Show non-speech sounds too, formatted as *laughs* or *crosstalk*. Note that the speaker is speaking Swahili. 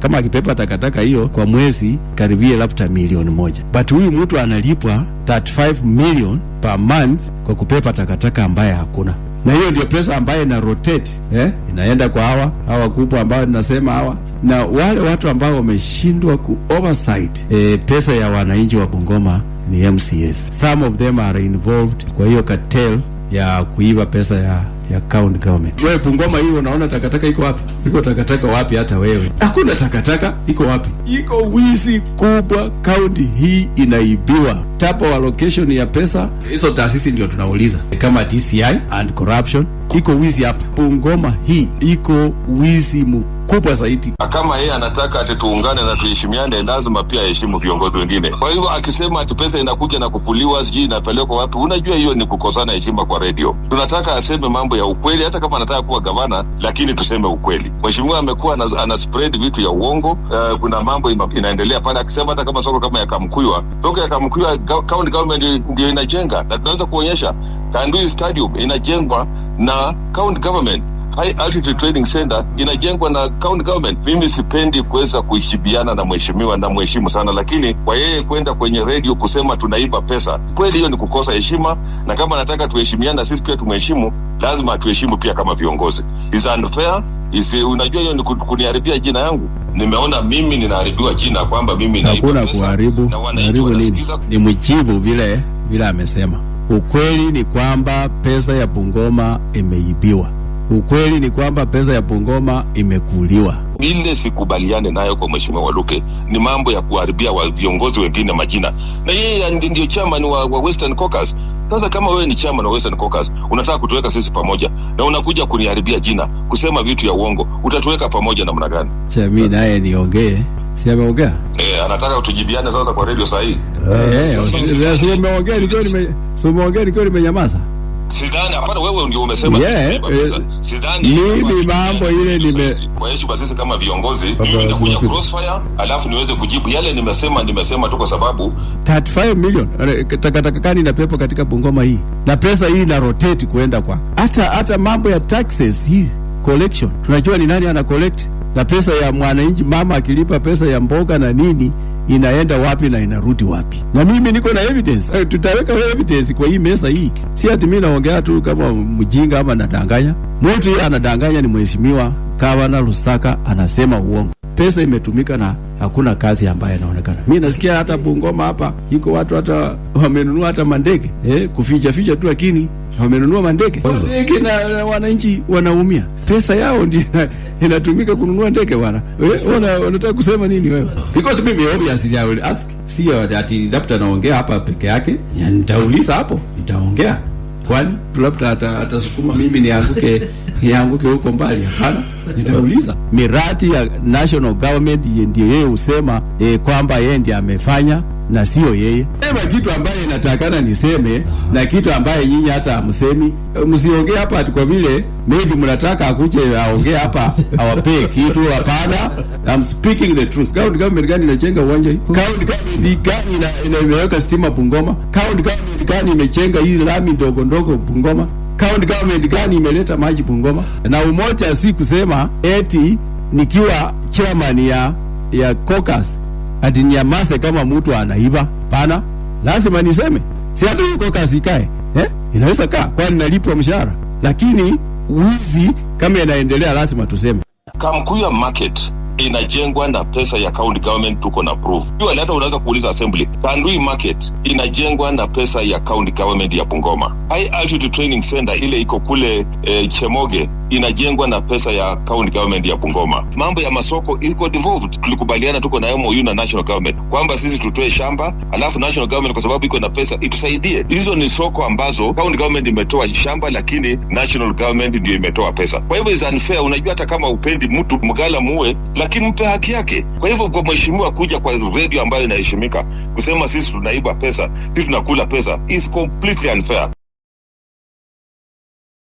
Kama akipepa takataka hiyo kwa mwezi karibia labda milioni moja, but huyu mtu analipwa 35 million per month kwa kupepa takataka ambaye hakuna na hiyo ndio pesa ambayo ina rotate eh, inaenda kwa hawa hawa kubwa ambao tunasema hawa na wale watu ambao wameshindwa ku oversight eh, pesa ya wananchi wa Bungoma ni MCS. Some of them are involved kwa hiyo cartel ya kuiva pesa ya ya county government. Wewe Bungoma hii unaona takataka iko wapi? Iko takataka wapi hata wewe? Hakuna takataka iko wapi? Iko wizi kubwa, county hii inaibiwa. Tapo location ya pesa hizo taasisi ndio tunauliza kama DCI and corruption. Iko wizi hapa. Bungoma hii iko wizi mkubwa kubwa zaidi. Kama yeye anataka ati tuungane na tuheshimiane, lazima pia aheshimu viongozi wengine. Kwa hivyo akisema ati pesa inakuja na kufuliwa, sijui inapelekwa wapi, unajua hiyo ni kukosana heshima kwa redio. Tunataka aseme mambo ya ukweli, hata kama anataka kuwa gavana, lakini tuseme ukweli. Mheshimiwa amekuwa ana spread vitu ya uongo. Uh, kuna mambo inaendelea pale, akisema hata kama soko kama ya Kamkuywa, soko ya Kamkuywa county government ndio inajenga, na tunaweza kuonyesha Kandui stadium inajengwa na county government High Altitude Training Center inajengwa na county government. Mimi sipendi kuweza kuishibiana na mheshimiwa, na mheshimu sana, lakini kwa yeye kwenda kwenye redio kusema tunaiba pesa, kweli hiyo ni kukosa heshima, na kama anataka tuheshimiana sisi pia tumheshimu, lazima tuheshimu pia kama viongozi. Is unfair is, unajua hiyo ni kuniharibia jina yangu. Nimeona mimi ninaharibiwa jina kwamba mimi naiba pesa. Hakuna kuharibu, haribu nini? Ni mjivu vile vile amesema. Ukweli ni kwamba pesa ya Bungoma imeibiwa. Ukweli ni kwamba pesa ya Bungoma imekuliwa. Ile sikubaliane nayo kwa mheshimiwa Waluke ni mambo ya kuharibia wa viongozi wengine majina, na yeye ndio chairman wa, wa Western Caucus. Sasa kama wewe ni chairman wa Western Caucus unataka kutuweka sisi pamoja na unakuja kuniharibia jina kusema vitu ya uongo, utatuweka pamoja namna gani? mimi naye niongee Si ameongea? Eh, anataka tujibiane sasa kwa redio sahihi. Eh, eh umeongea nikiwa nimenyamaza. Sidhani, hapana, wewe ndio umesema. Yeah, eh, sidhani mimi mambo ile nime kwa heshima, sisi kama viongozi nimekuja crossfire, alafu niweze kujibu yale nimesema. Nimesema tu kwa sababu 35 million takataka kani na pepo katika Bungoma hii na pesa hii na rotate kuenda kwa hata hata mambo ya taxes hizi collection, tunajua ni nani ana collect na pesa ya mwananchi. Mama akilipa pesa ya mboga na nini inaenda wapi na inarudi wapi, na mimi niko na evidence. Eh, tutaweka evidence kwa hii mesa hii, si ati mimi naongea tu kama mjinga ama nadanganya. Mtu anadanganya ni mheshimiwa gavana Lusaka, anasema uongo pesa imetumika na hakuna kazi ambayo inaonekana. Mi nasikia hata Bungoma hapa iko watu hata wamenunua hata mandege eh, kuficha ficha tu, lakini wamenunua mandege na wananchi wanaumia. Pesa yao ndio *laughs* inatumika kununua ndege bwana. Eh, wewe wanataka kusema nini wewe? Because mimi obviously I will ask, sio ati labda naongea hapa peke yake, nitauliza hapo, nitaongea kwani labda atasukuma mimi nianguke *laughs* nianguke huko mbali? Hapana, nitauliza. Miradi ya national government ndiyo yeye husema e, kwamba yeye ndiye amefanya na sio yeye. Sema kitu ambaye natakana niseme na kitu ambaye nyinyi hata hamsemi. Eh, msiongee hapa kwa vile maybe mnataka akuje aongee hapa awapee kitu. Hapana, I'm speaking the truth. County government gani inajenga uwanja hii? County government gani ina imeweka stima Bungoma? County government gani imejenga hii lami ndogo ndogo Bungoma? County government gani imeleta maji Bungoma? Na umoja si kusema eti nikiwa chairman ya ya caucus ati niamase kama mtu anaiva. Pana, lazima niseme, si hata uko kazi kae eh? Inaweza kaa, kwa nalipwa mshahara, lakini wizi kama inaendelea, lazima tuseme Kamkuya market inajengwa na pesa ya county government, tuko na proof hiyo. Hata unaweza kuuliza assembly, Tandui market inajengwa na pesa ya county government ya Bungoma. High altitude training center ile iko kule eh, Chemoge inajengwa na pesa ya county government ya Bungoma. Mambo ya masoko iko devolved, tulikubaliana tuko na MOU na national government kwamba sisi tutoe shamba, alafu national government kwa sababu iko na pesa itusaidie. Hizo ni soko ambazo county government imetoa shamba, lakini national government ndio imetoa pesa. Kwa hivyo is unfair. Unajua, hata kama upendi mtu mgala muwe, akimpe haki yake. Kwa hivyo kwa mheshimiwa kuja kwa redio ambayo inaheshimika kusema sisi tunaiba pesa, sisi tunakula pesa is completely unfair.